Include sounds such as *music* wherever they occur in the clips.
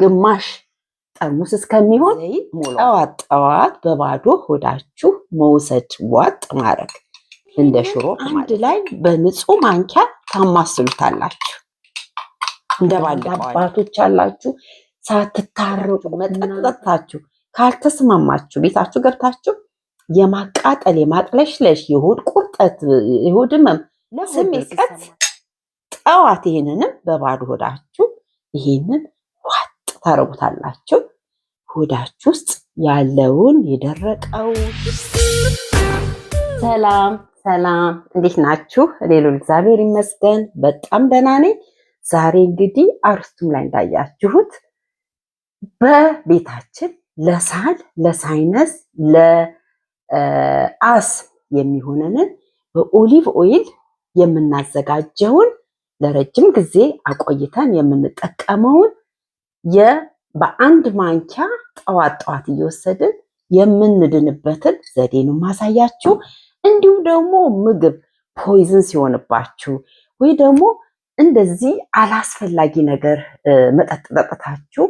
ግማሽ ጠርሙስ እስከሚሆን ጠዋት ጠዋት በባዶ ሆዳችሁ መውሰድ ዋጥ ማድረግ እንደ ሽሮ አንድ ላይ በንጹህ ማንኪያ ታማስሉታላችሁ። እንደ ባንድ አባቶች አላችሁ ሳትታረቁ መጠጠታችሁ ካልተስማማችሁ ቤታችሁ ገብታችሁ የማቃጠል የማቅለሽለሽ የሆድ ቁርጠት የሆድ ህመም ስሜት ጠዋት ይህንንም በባዶ ሆዳችሁ ይህንን ታረጉታላችሁ። ሆዳችሁ ውስጥ ያለውን የደረቀው ሰላም ሰላም፣ እንዴት ናችሁ? ሌሎ እግዚአብሔር ይመስገን በጣም ደህና ነኝ። ዛሬ እንግዲህ አርስቱም ላይ እንዳያችሁት በቤታችን ለሳል ለሳይነስ ለአስ የሚሆነንን በኦሊቭ ኦይል የምናዘጋጀውን ለረጅም ጊዜ አቆይተን የምንጠቀመውን በአንድ ማንኪያ ጠዋት ጠዋት እየወሰድን የምንድንበትን ዘዴ ነው ማሳያችሁ። እንዲሁም ደግሞ ምግብ ፖይዝን ሲሆንባችሁ ወይ ደግሞ እንደዚህ አላስፈላጊ ነገር መጠጥ ጠጥታችሁ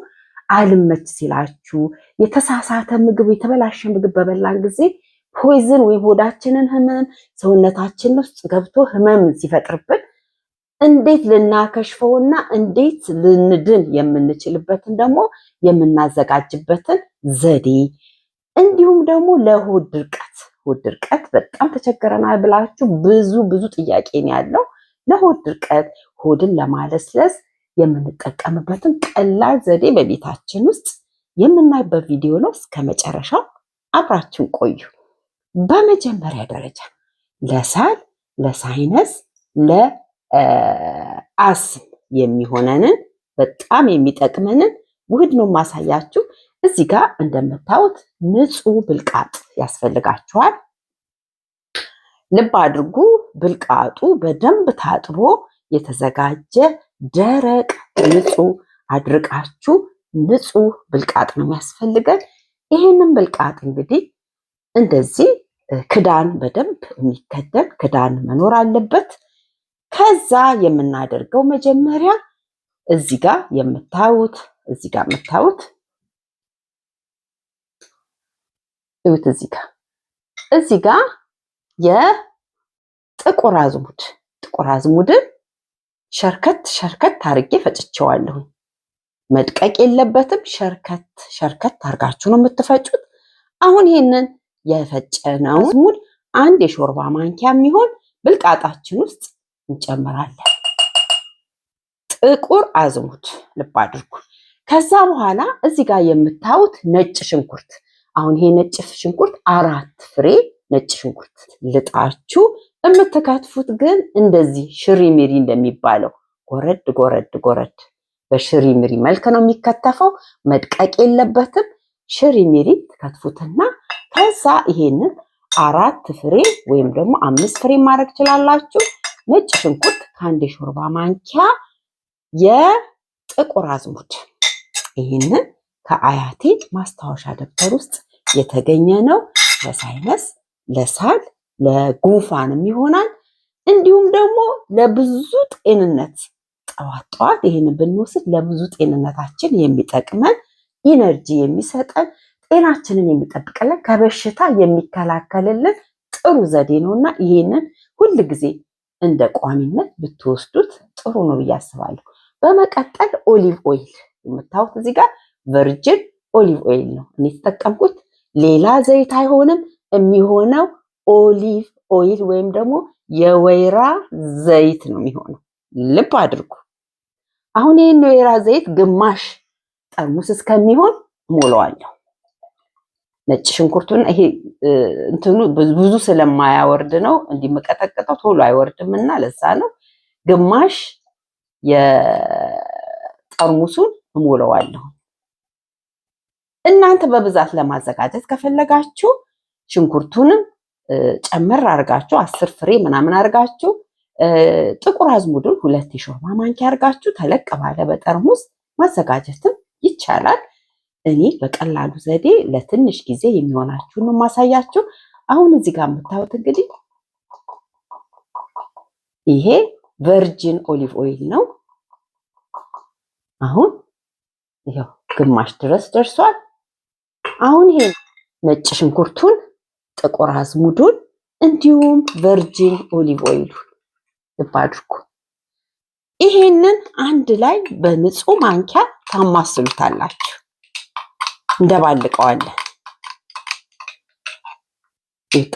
አልመች ሲላችሁ የተሳሳተ ምግብ የተበላሸ ምግብ በበላን ጊዜ ፖይዝን ወይም ሆዳችንን ህመም ሰውነታችን ውስጥ ገብቶ ህመም ሲፈጥርብን እንዴት ልናከሽፈውና እንዴት ልንድን የምንችልበትን ደግሞ የምናዘጋጅበትን ዘዴ እንዲሁም ደግሞ ለሆድ ድርቀት ሆድ ድርቀት በጣም ተቸግረናል ብላችሁ ብዙ ብዙ ጥያቄ ነው ያለው። ለሆድ ድርቀት ሆድን ለማለስለስ የምንጠቀምበትን ቀላል ዘዴ በቤታችን ውስጥ የምናይበት ቪዲዮ ነው። እስከ መጨረሻው አብራችን ቆዩ። በመጀመሪያ ደረጃ ለሳል፣ ለሳይነስ፣ ለ አስም የሚሆነንን በጣም የሚጠቅመንን ውህድ ነው የማሳያችሁ። እዚህ ጋር እንደምታዩት ንጹህ ብልቃጥ ያስፈልጋችኋል። ልብ አድርጉ፣ ብልቃጡ በደንብ ታጥቦ የተዘጋጀ ደረቅ ንጹህ አድርቃችሁ ንጹህ ብልቃጥ ነው የሚያስፈልገን። ይህንን ብልቃጥ እንግዲህ እንደዚህ ክዳን በደንብ የሚከደን ክዳን መኖር አለበት። ከዛ የምናደርገው መጀመሪያ እዚህ ጋር የምታዩት እዚህ ጋር የምታዩት እዩት እዚህ ጋር እዚህ ጋር የጥቁር አዝሙድ ጥቁር አዝሙድን ሸርከት ሸርከት አርጌ ፈጭቸዋለሁ። መድቀቅ የለበትም። ሸርከት ሸርከት አርጋችሁ ነው የምትፈጩት። አሁን ይሄንን የፈጨነውን አዝሙድ አንድ የሾርባ ማንኪያ የሚሆን ብልቃጣችን ውስጥ እንጨምራለን። ጥቁር አዝሙድ ልብ አድርጉ። ከዛ በኋላ እዚህ ጋር የምታዩት ነጭ ሽንኩርት አሁን ይሄ ነጭ ሽንኩርት አራት ፍሬ ነጭ ሽንኩርት ልጣችሁ የምትከትፉት ግን እንደዚህ ሽሪ ሚሪ እንደሚባለው ጎረድ ጎረድ ጎረድ በሽሪ ሚሪ መልክ ነው የሚከተፈው። መድቀቅ የለበትም። ሽሪ ሚሪ ትከትፉትና ከዛ ይሄንን አራት ፍሬ ወይም ደግሞ አምስት ፍሬ ማድረግ ትችላላችሁ ነጭ ሽንኩርት ከአንድ የሾርባ ማንኪያ፣ የጥቁር አዝሙድ ይህንን ከአያቴ ማስታወሻ ደብተር ውስጥ የተገኘ ነው። ለሳይነስ፣ ለሳል፣ ለጉንፋንም ይሆናል። እንዲሁም ደግሞ ለብዙ ጤንነት ጠዋት ጠዋት ይህንን ብንወስድ ለብዙ ጤንነታችን የሚጠቅመን ኢነርጂ የሚሰጠን ጤናችንን የሚጠብቅልን ከበሽታ የሚከላከልልን ጥሩ ዘዴ ነው እና ይህንን ሁል ጊዜ እንደ ቋሚነት ብትወስዱት ጥሩ ነው ብዬ አስባለሁ። በመቀጠል ኦሊቭ ኦይል የምታዩት እዚህ ጋር ቨርጅን ኦሊቭ ኦይል ነው እኔ የተጠቀምኩት። ሌላ ዘይት አይሆንም የሚሆነው ኦሊቭ ኦይል ወይም ደግሞ የወይራ ዘይት ነው የሚሆነው። ልብ አድርጉ። አሁን ይህን የወይራ ዘይት ግማሽ ጠርሙስ እስከሚሆን ሞለዋለሁ። ነጭ ሽንኩርቱን ይሄ እንትኑ ብዙ ስለማያወርድ ነው እንዲመቀጠቅጠው ቶሎ አይወርድም እና ለዛ ነው ግማሽ የጠርሙሱን እሞለዋለሁ። እናንተ በብዛት ለማዘጋጀት ከፈለጋችሁ ሽንኩርቱንም ጨመር አርጋችሁ አስር ፍሬ ምናምን አርጋችሁ ጥቁር አዝሙዱን ሁለት የሾርባ ማንኪያ አርጋችሁ ተለቅ ባለ በጠርሙስ ማዘጋጀትም ይቻላል። እኔ በቀላሉ ዘዴ ለትንሽ ጊዜ የሚሆናችሁን ነው ማሳያችሁ። አሁን እዚህ ጋር የምታዩት እንግዲህ ይሄ ቨርጂን ኦሊቭ ኦይል ነው። አሁን ይሄው ግማሽ ድረስ ደርሷል። አሁን ይሄ ነጭ ሽንኩርቱን፣ ጥቁር አዝሙዱን እንዲሁም ቨርጂን ኦሊቭ ኦይሉ ልብ አድርጉ። ይሄንን አንድ ላይ በንጹህ ማንኪያ ታማስሉታላችሁ። እንደባልቀዋለን።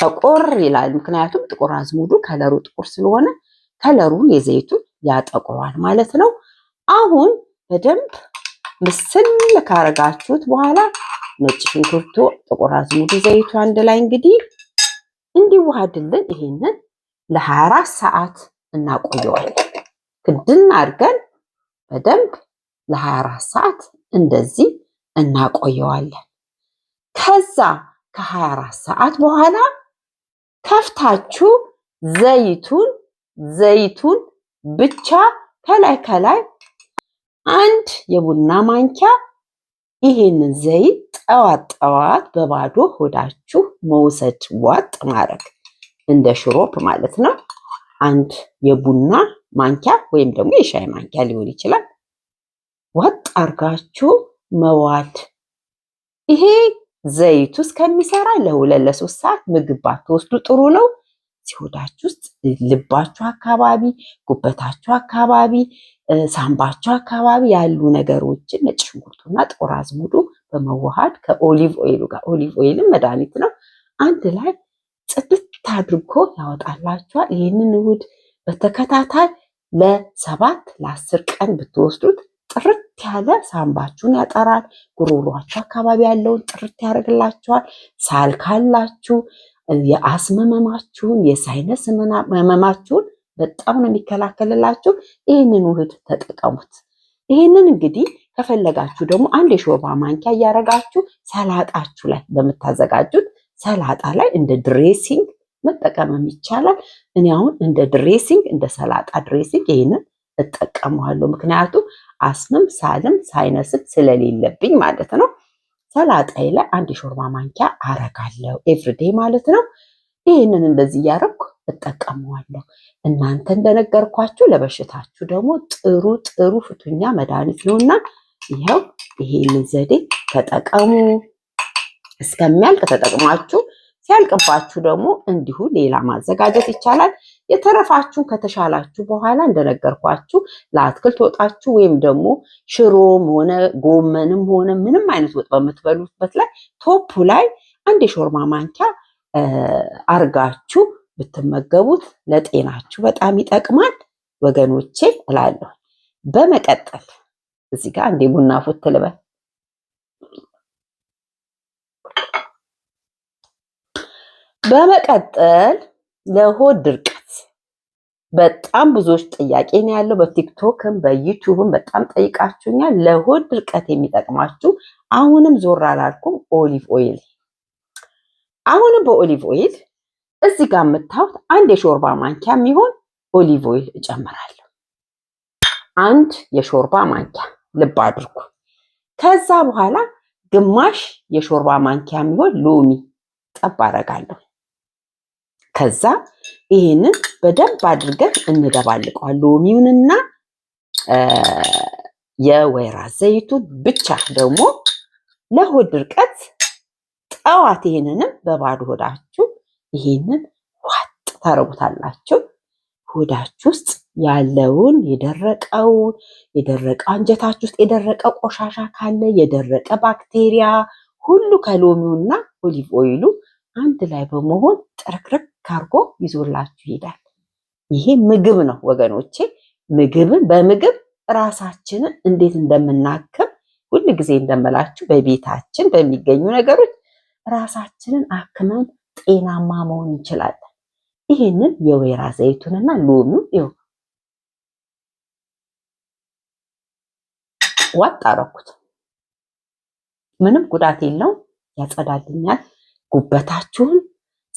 ጠቆር ይላል። ምክንያቱም ጥቁር አዝሙዱ ከለሩ ጥቁር ስለሆነ ከለሩን የዘይቱን ያጠቁሯል ማለት ነው። አሁን በደንብ ምስል ካረጋችሁት በኋላ ነጭ ሽንኩርቱ፣ ጥቁር አዝሙዱ፣ ዘይቱ አንድ ላይ እንግዲህ እንዲዋሃድልን ይሄንን ለ24 ሰዓት እናቆየዋለን። ክድን አድርገን በደንብ ለ24 ሰዓት እንደዚህ እናቆየዋለን። ከዛ ከ24 ሰዓት በኋላ ከፍታችሁ ዘይቱን ዘይቱን ብቻ ከላይ ከላይ አንድ የቡና ማንኪያ ይሄንን ዘይት ጠዋት ጠዋት በባዶ ሆዳችሁ መውሰድ ዋጥ ማድረግ እንደ ሽሮፕ ማለት ነው። አንድ የቡና ማንኪያ ወይም ደግሞ የሻይ ማንኪያ ሊሆን ይችላል። ዋጥ አድርጋችሁ መዋል። ይሄ ዘይቱ እስከሚሰራ ለሁለት ለሶስት ሰዓት ምግብ ባትወስዱ ጥሩ ነው። ሲሆዳችሁ ውስጥ ልባችሁ አካባቢ፣ ጉበታችሁ አካባቢ፣ ሳምባችሁ አካባቢ ያሉ ነገሮችን ነጭ ሽንኩርቱና ጥቁር አዝሙዱ በመዋሃድ ከኦሊቭ ኦይሉ ጋር ኦሊቭ ኦይልም መድኃኒት ነው አንድ ላይ ጽድት አድርጎ ያወጣላችኋል። ይህንን ውህድ በተከታታይ ለሰባት ለአስር ቀን ብትወስዱት ጥርት ያለ ሳንባችሁን ያጠራል። ጉሮሯችሁ አካባቢ ያለውን ጥርት ያደርግላችኋል። ሳል ካላችሁ የአስም ህመማችሁን፣ የሳይነስ ህመማችሁን በጣም ነው የሚከላከልላችሁ። ይህንን ውህድ ተጠቀሙት። ይህንን እንግዲህ ከፈለጋችሁ ደግሞ አንድ የሾርባ ማንኪያ እያደረጋችሁ ሰላጣችሁ ላይ በምታዘጋጁት ሰላጣ ላይ እንደ ድሬሲንግ መጠቀምም ይቻላል። እኔ አሁን እንደ ድሬሲንግ እንደ ሰላጣ ድሬሲንግ ይህንን እጠቀመዋለሁ። ምክንያቱም አስምም ሳልም ሳይነስም ስለሌለብኝ ማለት ነው። ሰላጣይ ላይ አንድ የሾርባ ማንኪያ አረጋለሁ ኤቭሪዴ ማለት ነው። ይህንን እንደዚህ እያደረኩ እጠቀመዋለሁ። እናንተ እንደነገርኳችሁ ለበሽታችሁ ደግሞ ጥሩ ጥሩ ፍቱኛ መድኃኒት ነውና ይኸው ይሄንን ዘዴ ተጠቀሙ። እስከሚያልቅ ተጠቅማችሁ ሲያልቅባችሁ ደግሞ እንዲሁ ሌላ ማዘጋጀት ይቻላል። የተረፋችሁን ከተሻላችሁ በኋላ እንደነገርኳችሁ ለአትክልት ወጣችሁ ወይም ደግሞ ሽሮም ሆነ ጎመንም ሆነ ምንም አይነት ወጥ በምትበሉበት ላይ ቶፑ ላይ አንድ የሾርማ ማንኪያ አርጋችሁ ብትመገቡት ለጤናችሁ በጣም ይጠቅማል ወገኖቼ እላለሁ። በመቀጠል እዚህ ጋር እንዴ ቡና ፉት ልበል በመቀጠል ለሆድ ድርቀት በጣም ብዙዎች ጥያቄ ነው ያለው። በቲክቶክም በዩቲዩብም በጣም ጠይቃችሁኛል። ለሆድ ድርቀት የሚጠቅማችሁ አሁንም ዞር አላልኩም። ኦሊቭ ኦይል አሁንም በኦሊቭ ኦይል እዚህ ጋር የምታዩት አንድ የሾርባ ማንኪያ የሚሆን ኦሊቭ ኦይል እጨምራለሁ። አንድ የሾርባ ማንኪያ ልብ አድርጉ። ከዛ በኋላ ግማሽ የሾርባ ማንኪያ የሚሆን ሎሚ ጠብ አደርጋለሁ። ከዛ ይሄንን በደንብ አድርገን እንደባልቀዋል። ሎሚውንና የወይራ ዘይቱ ብቻ ደግሞ ለሆድ ድርቀት ጠዋት ይሄንንም በባዶ ሆዳችሁ ይሄንን ዋጥ ታረጉታላችሁ። ሆዳችሁ ውስጥ ያለውን የደረቀው የደረቀ አንጀታችሁ ውስጥ የደረቀ ቆሻሻ ካለ የደረቀ ባክቴሪያ ሁሉ ከሎሚውና ኦሊቭ ኦይሉ አንድ ላይ በመሆን ጥርቅርቅ ካርጎ ይዞላችሁ ይሄዳል። ይሄ ምግብ ነው ወገኖቼ። ምግብን በምግብ ራሳችንን እንዴት እንደምናክም ሁል ጊዜ እንደምላችሁ በቤታችን በሚገኙ ነገሮች ራሳችንን አክመን ጤናማ መሆን እንችላለን። ይህንን የወይራ ዘይቱንና ሎሚውን ይኸው ዋጥ አረኩት። ምንም ጉዳት የለውም። ያጸዳልኛል ጉበታችሁን፣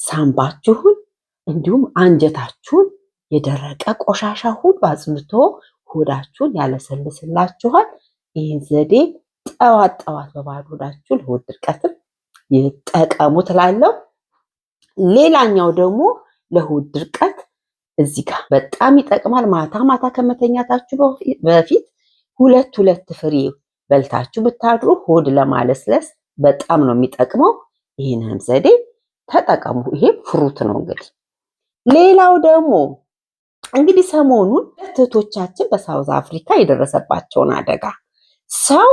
ሳምባችሁን እንዲሁም አንጀታችሁን የደረቀ ቆሻሻ ሁሉ አጽድቶ ሆዳችሁን ያለሰልስላችኋል። ይህን ዘዴ ጠዋት ጠዋት በባዶ ሆዳችሁ ለሆድ ድርቀትም ይጠቀሙ ትላለው። ሌላኛው ደግሞ ለሆድ ድርቀት እዚህ ጋር በጣም ይጠቅማል። ማታ ማታ ከመተኛታችሁ በፊት ሁለት ሁለት ፍሬ በልታችሁ ብታድሩ ሆድ ለማለስለስ በጣም ነው የሚጠቅመው። ይህንንም ዘዴ ተጠቀሙ። ይሄ ፍሩት ነው እንግዲህ ሌላው ደግሞ እንግዲህ ሰሞኑን እህቶቻችን በሳውዝ አፍሪካ የደረሰባቸውን አደጋ ሰው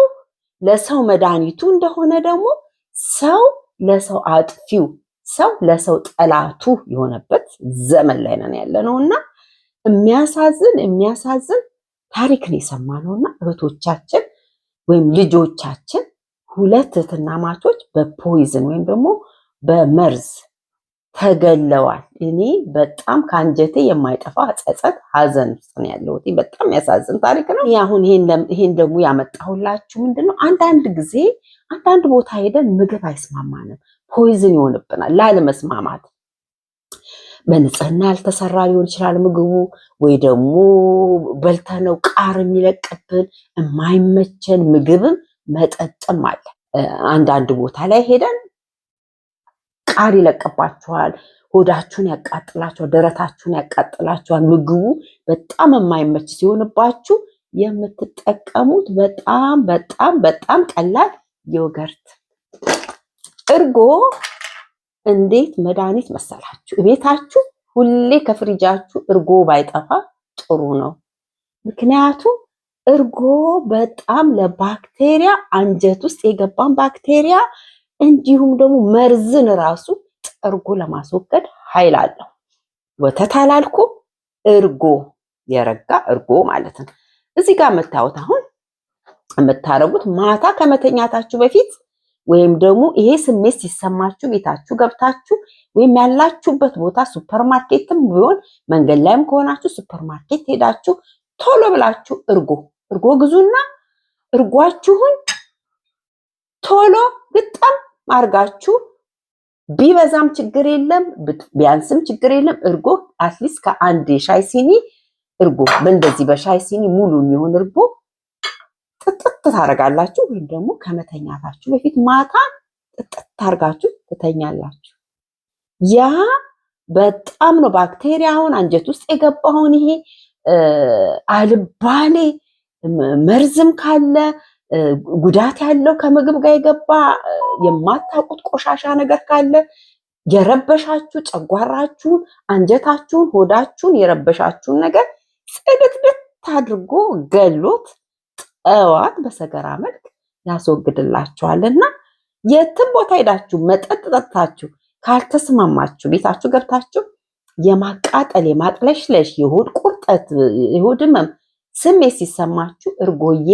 ለሰው መድኃኒቱ እንደሆነ ደግሞ ሰው ለሰው አጥፊው ሰው ለሰው ጠላቱ የሆነበት ዘመን ላይ ነን ያለ ነው እና የሚያሳዝን የሚያሳዝን ነው የሰማ ነው እና እህቶቻችን ወይም ልጆቻችን ሁለት ማቾች በፖይዝን ወይም ደግሞ በመርዝ ተገለዋል። እኔ በጣም ከአንጀቴ የማይጠፋ ጸጸት፣ ሀዘን ውስጥ ነው ያለሁት። በጣም ያሳዝን ታሪክ ነው። አሁን ይሄን ደግሞ ያመጣሁላችሁ ምንድነው አንዳንድ ጊዜ አንዳንድ ቦታ ሄደን ምግብ አይስማማንም፣ ፖይዝን ይሆንብናል። ላለመስማማት በንጽህና ያልተሰራ ሊሆን ይችላል ምግቡ፣ ወይ ደግሞ በልተነው ቃር የሚለቅብን የማይመቸን ምግብም መጠጥም አለ። አንዳንድ ቦታ ላይ ሄደን ቃል ይለቅባችኋል። ሆዳችሁን ያቃጥላችኋል። ደረታችሁን ያቃጥላችኋል። ምግቡ በጣም የማይመች ሲሆንባችሁ የምትጠቀሙት በጣም በጣም በጣም ቀላል ዮገርት እርጎ እንዴት መድኃኒት መሰላችሁ! ቤታችሁ ሁሌ ከፍሪጃችሁ እርጎ ባይጠፋ ጥሩ ነው። ምክንያቱም እርጎ በጣም ለባክቴሪያ አንጀት ውስጥ የገባን ባክቴሪያ እንዲሁም ደግሞ መርዝን ራሱ ጠርጎ ለማስወገድ ኃይል አለው። ወተት አላልኩ እርጎ፣ የረጋ እርጎ ማለት ነው። እዚህ ጋር የምታዩት አሁን የምታረጉት ማታ ከመተኛታችሁ በፊት ወይም ደግሞ ይሄ ስሜት ሲሰማችሁ ቤታችሁ ገብታችሁ ወይም ያላችሁበት ቦታ ሱፐርማርኬትም ቢሆን መንገድ ላይም ከሆናችሁ ሱፐርማርኬት ሄዳችሁ ቶሎ ብላችሁ እርጎ እርጎ ግዙና እርጓችሁን ቶሎ ግጠም አርጋችሁ ቢበዛም ችግር የለም ቢያንስም ችግር የለም። እርጎ አትሊስት ከአንድ የሻይ ሲኒ እርጎ በእንደዚህ በሻይ ሲኒ ሙሉ የሚሆን እርጎ ጥጥት ታደርጋላችሁ። ወይም ደግሞ ከመተኛታችሁ በፊት ማታ ጥጥት ታርጋችሁ ትተኛላችሁ። ያ በጣም ነው ባክቴሪያውን አንጀት ውስጥ የገባውን ይሄ አልባሌ መርዝም ካለ ጉዳት ያለው ከምግብ ጋር የገባ የማታውቁት ቆሻሻ ነገር ካለ የረበሻችሁ ጨጓራችሁን፣ አንጀታችሁን፣ ሆዳችሁን የረበሻችሁን ነገር ጽድትድት አድርጎ ገሎት ጠዋት በሰገራ መልክ ያስወግድላችኋልና የትም ቦታ ሄዳችሁ መጠጥ ጠጥታችሁ ካልተስማማችሁ ቤታችሁ ገብታችሁ የማቃጠል የማቅለሽለሽ የሆድ ቁርጠት የሆድ ህመም ስሜት ሲሰማችሁ እርጎዬ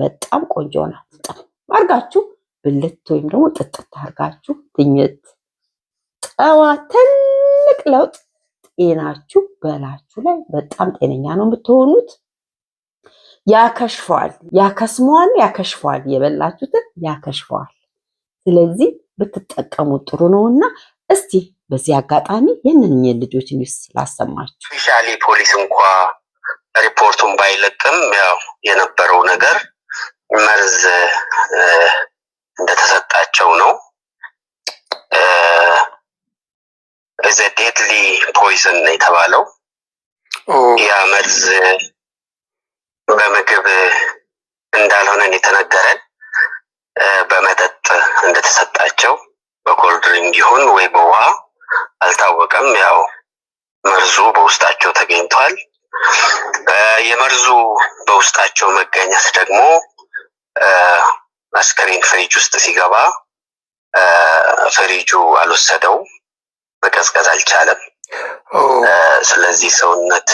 በጣም ቆንጆ ናት። አርጋችሁ ብልት ወይም ደግሞ ጥጥት አርጋችሁ ትኝት ጠዋ ትልቅ ለውጥ ጤናችሁ በላችሁ ላይ በጣም ጤነኛ ነው የምትሆኑት። ያከሽፈዋል፣ ያከስመዋል፣ ያከሽፈዋል፣ የበላችሁትን ያከሽፈዋል። ስለዚህ ብትጠቀሙ ጥሩ ነውና እስቲ በዚህ አጋጣሚ የእነኝህን ልጆች ኒውስ ላሰማችሁ። ፖሊስ እንኳ ሪፖርቱን ባይለቅም ያው የነበረው ነገር መርዝ እንደተሰጣቸው ነው። እዘ ዴድሊ ፖይዝን የተባለው ያ መርዝ በምግብ እንዳልሆነን የተነገረን በመጠጥ እንደተሰጣቸው በኮልድሪንግ ይሁን ወይ በውሃ አልታወቀም። ያው መርዙ በውስጣቸው ተገኝቷል። የመርዙ በውስጣቸው መገኘት ደግሞ አስክሬን ፍሪጅ ውስጥ ሲገባ ፍሪጁ አልወሰደው መቀዝቀዝ አልቻለም። ስለዚህ ሰውነት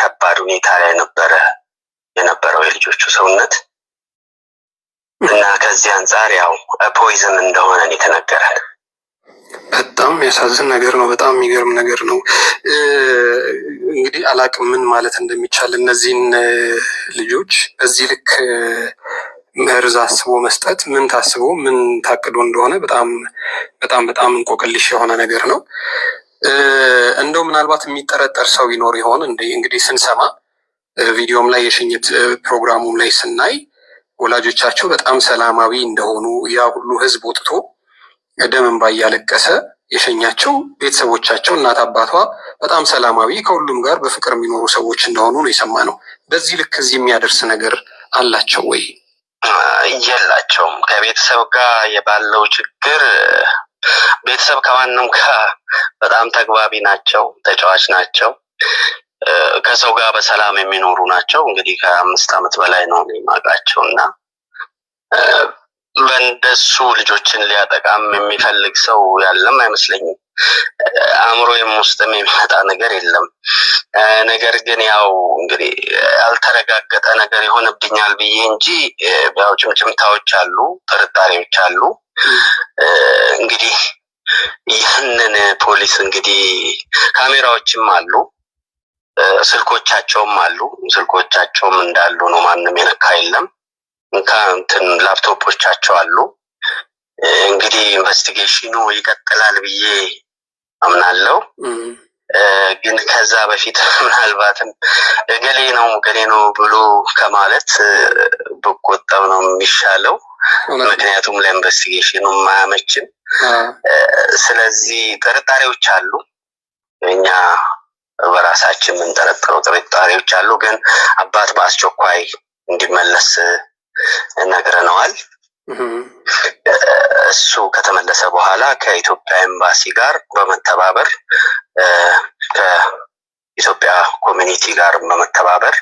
ከባድ ሁኔታ ላይ ነበረ የነበረው የልጆቹ ሰውነት እና ከዚህ አንጻር ያው ፖይዝን እንደሆነ የተነገረን በጣም ያሳዝን ነገር ነው። በጣም የሚገርም ነገር ነው። እንግዲህ አላቅም ምን ማለት እንደሚቻል እነዚህን ልጆች በዚህ ልክ መርዝ አስቦ መስጠት ምን ታስቦ ምን ታቅዶ እንደሆነ በጣም በጣም በጣም እንቆቅልሽ የሆነ ነገር ነው። እንደው ምናልባት የሚጠረጠር ሰው ይኖር ይሆን? እንግዲህ ስንሰማ ቪዲዮም ላይ የሽኝት ፕሮግራሙም ላይ ስናይ ወላጆቻቸው በጣም ሰላማዊ እንደሆኑ ያ ሁሉ ህዝብ ወጥቶ ደም እንባ እያለቀሰ የሸኛቸው ቤተሰቦቻቸው እናት አባቷ በጣም ሰላማዊ ከሁሉም ጋር በፍቅር የሚኖሩ ሰዎች እንደሆኑ ነው ነው። በዚህ ልክ እዚህ የሚያደርስ ነገር አላቸው ወይ? የላቸውም። ከቤተሰብ ጋር የባለው ችግር ቤተሰብ ከማንም ጋር በጣም ተግባቢ ናቸው፣ ተጫዋች ናቸው፣ ከሰው ጋር በሰላም የሚኖሩ ናቸው። እንግዲህ ከአምስት ዓመት በላይ ነው የማውቃቸው እና በእንደሱ ልጆችን ሊያጠቃም የሚፈልግ ሰው ያለም አይመስለኝም። አእምሮዬም ውስጥም የሚመጣ ነገር የለም። ነገር ግን ያው እንግዲህ ያልተረጋገጠ ነገር ይሆንብኛል ብዬ እንጂ ያው ጭምጭምታዎች አሉ፣ ጥርጣሬዎች አሉ። እንግዲህ ያንን ፖሊስ እንግዲህ ካሜራዎችም አሉ፣ ስልኮቻቸውም አሉ። ስልኮቻቸውም እንዳሉ ነው፣ ማንም የነካ የለም። እንትን ላፕቶፖቻቸው አሉ። እንግዲህ ኢንቨስቲጌሽኑ ይቀጥላል ብዬ አምናለው። ግን ከዛ በፊት *laughs* ምናልባትም እገሌ ነው እገሌ ነው ብሎ ከማለት ብቆጠብ ነው የሚሻለው። ምክንያቱም ለኢንቨስቲጌሽኑ ማያመችም። ስለዚህ ጥርጣሬዎች አሉ፣ እኛ በራሳችን የምንጠረጥረው ጥርጣሬዎች አሉ። ግን አባት በአስቸኳይ እንዲመለስ ነግረነዋል። እሱ ከተመለሰ በኋላ ከኢትዮጵያ ኤምባሲ ጋር በመተባበር ከኢትዮጵያ ኮሚኒቲ ጋር በመተባበር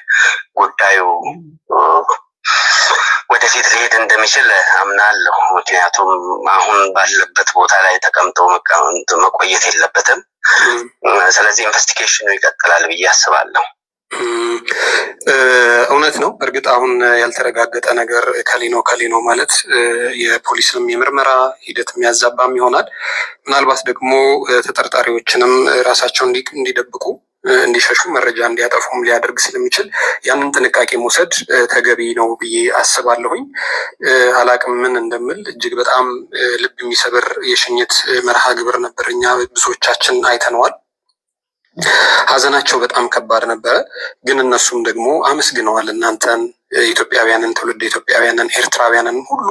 ጉዳዩ ወደፊት ሊሄድ እንደሚችል አምናለሁ። ምክንያቱም አሁን ባለበት ቦታ ላይ ተቀምጦ መቆየት የለበትም። ስለዚህ ኢንቨስቲጌሽኑ ይቀጥላል ብዬ አስባለሁ። እውነት ነው። እርግጥ አሁን ያልተረጋገጠ ነገር ከሌኖ ከሌኖ ማለት የፖሊስንም የምርመራ ሂደት የሚያዛባም ይሆናል። ምናልባት ደግሞ ተጠርጣሪዎችንም ራሳቸው እንዲደብቁ እንዲሸሹ መረጃ እንዲያጠፉም ሊያደርግ ስለሚችል ያንን ጥንቃቄ መውሰድ ተገቢ ነው ብዬ አስባለሁኝ። አላቅም ምን እንደምል እጅግ በጣም ልብ የሚሰብር የሽኝት መርሃ ግብር ነበር። እኛ ብዙዎቻችን አይተነዋል። ሀዘናቸው በጣም ከባድ ነበረ። ግን እነሱም ደግሞ አመስግነዋል እናንተን ኢትዮጵያውያንን ትውልድ ኢትዮጵያውያንን ኤርትራውያንን ሁሉ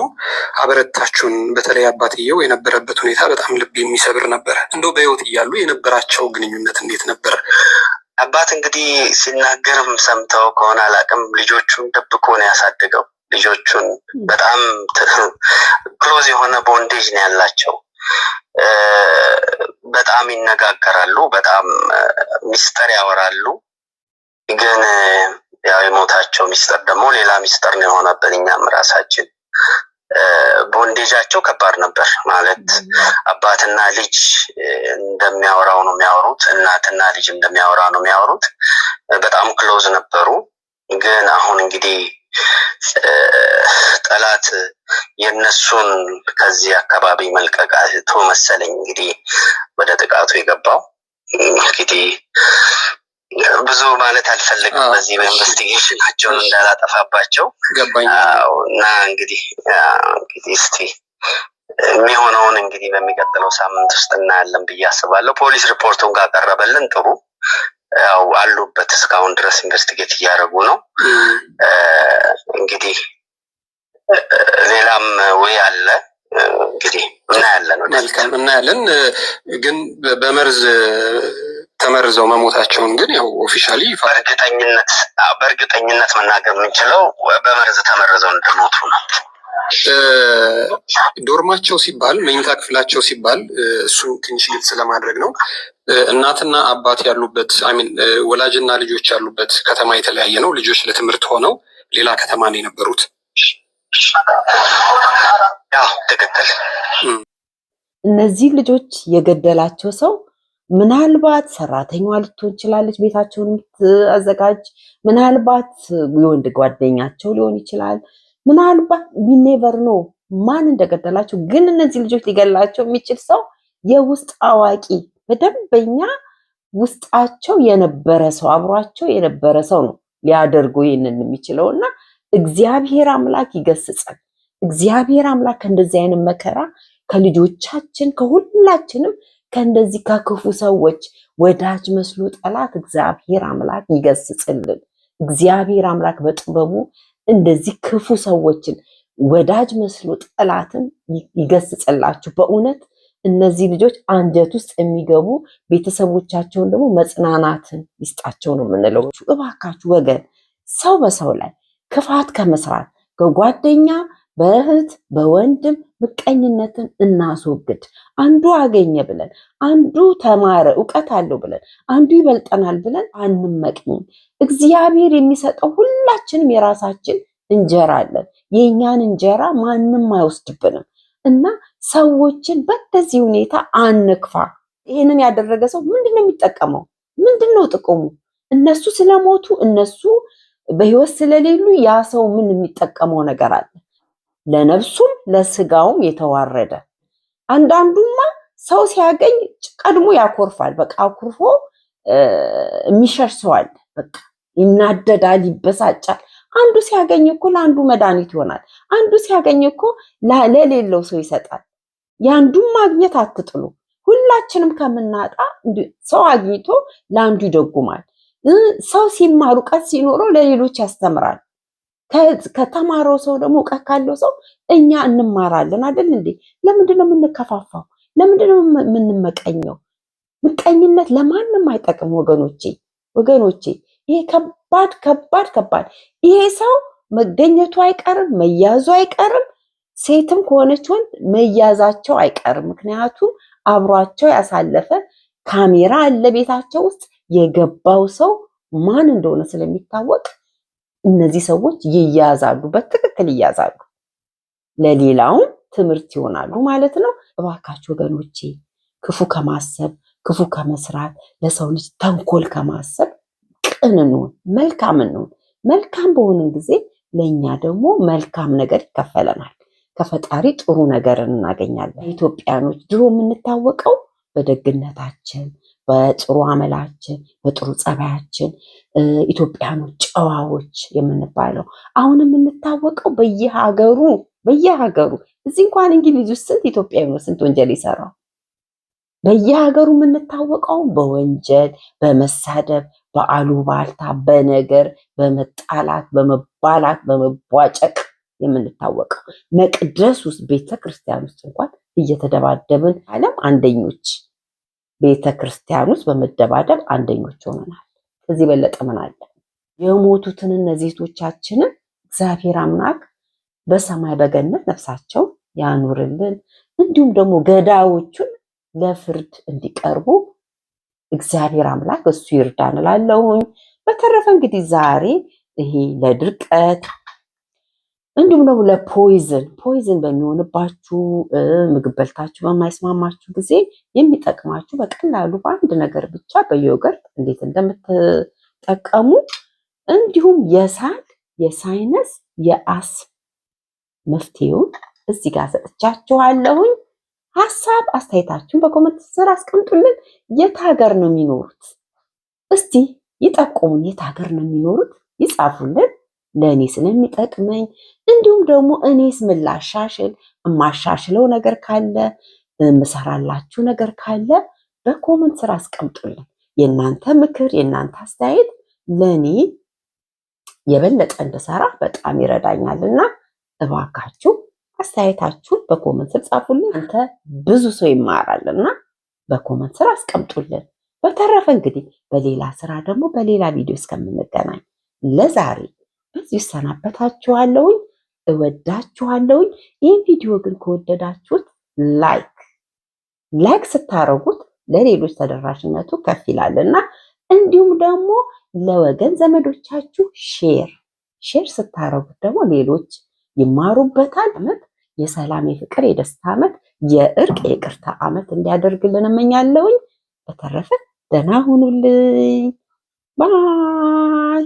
አበረታችሁን። በተለይ አባትየው የነበረበት ሁኔታ በጣም ልብ የሚሰብር ነበረ። እንደው በህይወት እያሉ የነበራቸው ግንኙነት እንዴት ነበር? አባት እንግዲህ ሲናገርም ሰምተው ከሆነ አላቅም፣ ልጆቹን ደብቆ ነው ያሳደገው። ልጆቹን በጣም *laughs* ክሎዝ የሆነ ቦንዴጅ ነው ያላቸው በጣም ይነጋገራሉ፣ በጣም ሚስጥር ያወራሉ። ግን ያው የሞታቸው ሚስጥር ደግሞ ሌላ ሚስጥር ነው የሆነብን እኛም ራሳችን ቦንዴጃቸው ከባድ ነበር። ማለት አባትና ልጅ እንደሚያወራው ነው የሚያወሩት፣ እናትና ልጅ እንደሚያወራ ነው የሚያወሩት። በጣም ክሎዝ ነበሩ። ግን አሁን እንግዲህ ጠላት የነሱን ከዚህ አካባቢ መልቀቅ መሰለኝ እንግዲህ ወደ ጥቃቱ የገባው እንግዲህ ብዙ ማለት አልፈልግም። በዚህ በኢንቨስቲጌሽናቸውን እንዳላጠፋባቸው እና እንግዲህ እንግዲህ እስቲ የሚሆነውን እንግዲህ በሚቀጥለው ሳምንት ውስጥ እናያለን ብዬ አስባለሁ። ፖሊስ ሪፖርቱን ካቀረበልን ጥሩ ያው አሉበት እስካሁን ድረስ ኢንቨስቲጌት እያደረጉ ነው። እንግዲህ ሌላም ወይ አለ እንግዲህ እናያለን፣ መልካም እናያለን። ግን በመርዝ ተመርዘው መሞታቸውን ግን ያው ኦፊሻሊ በእርግጠኝነት በእርግጠኝነት መናገር የምንችለው በመርዝ ተመርዘው እንደሞቱ ነው። ዶርማቸው ሲባል መኝታ ክፍላቸው ሲባል እሱ ትንሽ ግልጽ ለማድረግ ነው። እናትና አባት ያሉበት አሚን ወላጅና ልጆች ያሉበት ከተማ የተለያየ ነው። ልጆች ለትምህርት ሆነው ሌላ ከተማ ነው የነበሩት። ትክክል። እነዚህ ልጆች የገደላቸው ሰው ምናልባት ሰራተኛዋ ልትሆን ይችላለች ቤታቸውን የምታዘጋጅ ምናልባት የወንድ ጓደኛቸው ሊሆን ይችላል ምናልባት ቢኔቨር ነው ማን እንደገደላቸው ግን እነዚህ ልጆች ሊገላቸው የሚችል ሰው የውስጥ አዋቂ በደንበኛ ውስጣቸው የነበረ ሰው አብሯቸው የነበረ ሰው ነው ሊያደርጉ ይህንን የሚችለው እና እግዚአብሔር አምላክ ይገስጸን። እግዚአብሔር አምላክ ከእንደዚህ አይነት መከራ ከልጆቻችን ከሁላችንም ከእንደዚህ ከክፉ ሰዎች ወዳጅ መስሎ ጠላት እግዚአብሔር አምላክ ይገስጽልን። እግዚአብሔር አምላክ በጥበቡ እንደዚህ ክፉ ሰዎችን ወዳጅ መስሎ ጠላትን ይገስጽላችሁ። በእውነት እነዚህ ልጆች አንጀት ውስጥ የሚገቡ ቤተሰቦቻቸውን ደግሞ መጽናናትን ይስጣቸው ነው የምንለው። እባካችሁ ወገን ሰው በሰው ላይ ክፋት ከመስራት ከጓደኛ በእህት በወንድም ምቀኝነትን እናስወግድ። አንዱ አገኘ ብለን፣ አንዱ ተማረ እውቀት አለው ብለን፣ አንዱ ይበልጠናል ብለን አንመቅኝ። እግዚአብሔር የሚሰጠው ሁላችንም የራሳችን እንጀራ አለን። የእኛን እንጀራ ማንም አይወስድብንም እና ሰዎችን በእንደዚህ ሁኔታ አንክፋ። ይህንን ያደረገ ሰው ምንድን ነው የሚጠቀመው? ምንድን ነው ጥቅሙ? እነሱ ስለሞቱ እነሱ በህይወት ስለሌሉ ያ ሰው ምን የሚጠቀመው ነገር አለ? ለነፍሱም ለስጋውም የተዋረደ። አንዳንዱማ ሰው ሲያገኝ ቀድሞ ያኮርፋል። በቃ አኩርፎ የሚሸሽ ሰው አለ። በቃ ይናደዳል፣ ይበሳጫል። አንዱ ሲያገኝ እኮ ለአንዱ መድኃኒት ይሆናል። አንዱ ሲያገኝ እኮ ለሌለው ሰው ይሰጣል። የአንዱን ማግኘት አትጥሉ። ሁላችንም ከምናጣ ሰው አግኝቶ ለአንዱ ይደጉማል። ሰው ሲማር እውቀት ሲኖረው ለሌሎች ያስተምራል። ከተማረው ሰው ደግሞ እውቀት ካለው ሰው እኛ እንማራለን አይደል እንዴ? ለምንድን ነው የምንከፋፋው? ለምንድን ነው የምንመቀኘው? ምቀኝነት ለማንም አይጠቅም ወገኖቼ፣ ወገኖቼ ይሄ ከባድ ከባድ ከባድ። ይሄ ሰው መገኘቱ አይቀርም፣ መያዙ አይቀርም። ሴትም ከሆነች ወንድ መያዛቸው አይቀርም። ምክንያቱም አብሯቸው ያሳለፈ ካሜራ አለ ቤታቸው ውስጥ የገባው ሰው ማን እንደሆነ ስለሚታወቅ እነዚህ ሰዎች ይያዛሉ፣ በትክክል ይያዛሉ፣ ለሌላውም ትምህርት ይሆናሉ ማለት ነው። እባካችሁ ወገኖቼ ክፉ ከማሰብ ክፉ ከመስራት ለሰው ልጅ ተንኮል ከማሰብ ቅን እንሁን፣ መልካም እንሁን። መልካም በሆንን ጊዜ ለእኛ ደግሞ መልካም ነገር ይከፈለናል። ከፈጣሪ ጥሩ ነገርን እናገኛለን። ኢትዮጵያኖች ድሮ የምንታወቀው በደግነታችን በጥሩ አመላችን በጥሩ ጸባያችን ኢትዮጵያኖች ጨዋዎች የምንባለው አሁን የምንታወቀው በየሀገሩ በየሀገሩ እዚህ እንኳን እንግሊዝ ውስጥ ስንት ኢትዮጵያዊ ነው ስንት ወንጀል ይሰራው። በየሀገሩ የምንታወቀው በወንጀል፣ በመሳደብ፣ በአሉባልታ፣ በነገር፣ በመጣላት፣ በመባላት፣ በመቧጨቅ የምንታወቀው መቅደስ ውስጥ ቤተክርስቲያን ውስጥ እንኳን እየተደባደብን ዓለም አንደኞች ቤተ ክርስቲያን ውስጥ በመደባደብ አንደኞች ሆነናል። ከዚህ በለጠ ምን አለ? የሞቱትን እነዚህ እህቶቻችንን እግዚአብሔር አምላክ በሰማይ በገነት ነፍሳቸው ያኑርልን፣ እንዲሁም ደግሞ ገዳዮቹን ለፍርድ እንዲቀርቡ እግዚአብሔር አምላክ እሱ ይርዳን እላለሁኝ። በተረፈ እንግዲህ ዛሬ ይሄ ለድርቀት እንዲሁም ደግሞ ለፖይዝን ፖይዝን በሚሆንባችሁ ምግብ በልታችሁ በማይስማማችሁ ጊዜ የሚጠቅማችሁ በቀላሉ በአንድ ነገር ብቻ በዮገርት እንዴት እንደምትጠቀሙ እንዲሁም የሳል የሳይነስ የአስ መፍትሄውን እዚህ ጋር ሰጥቻችኋለሁኝ። ሀሳብ አስተያየታችሁን በኮመንት ስር አስቀምጡልን። የት ሀገር ነው የሚኖሩት? እስቲ ይጠቁሙን። የት ሀገር ነው የሚኖሩት? ይጻፉልን። ለእኔ ስለሚጠቅመኝ እንዲሁም ደግሞ እኔስ ምን ላሻሽል፣ የማሻሽለው ነገር ካለ የምሰራላችሁ ነገር ካለ በኮመንት ስራ አስቀምጡልን። የእናንተ ምክር፣ የእናንተ አስተያየት ለእኔ የበለጠ እንድሰራ በጣም ይረዳኛል እና እባካችሁ አስተያየታችሁን በኮመንት ስር ጻፉልን። አንተ ብዙ ሰው ይማራል እና በኮመንት ስር አስቀምጡልን። በተረፈ እንግዲህ በሌላ ስራ ደግሞ በሌላ ቪዲዮ እስከምንገናኝ ለዛሬ በዚህ እሰናበታችኋለሁኝ። እወዳችኋለሁኝ። ይህን ቪዲዮ ግን ከወደዳችሁት ላይክ ላይክ ስታረጉት ለሌሎች ተደራሽነቱ ከፍ ይላል እና እንዲሁም ደግሞ ለወገን ዘመዶቻችሁ ሼር ሼር ስታረጉት ደግሞ ሌሎች ይማሩበታል። አመት የሰላም የፍቅር የደስታ አመት የእርቅ የቅርታ አመት እንዲያደርግልን እመኛለሁኝ። በተረፈ ደህና ሁኑልኝ ባይ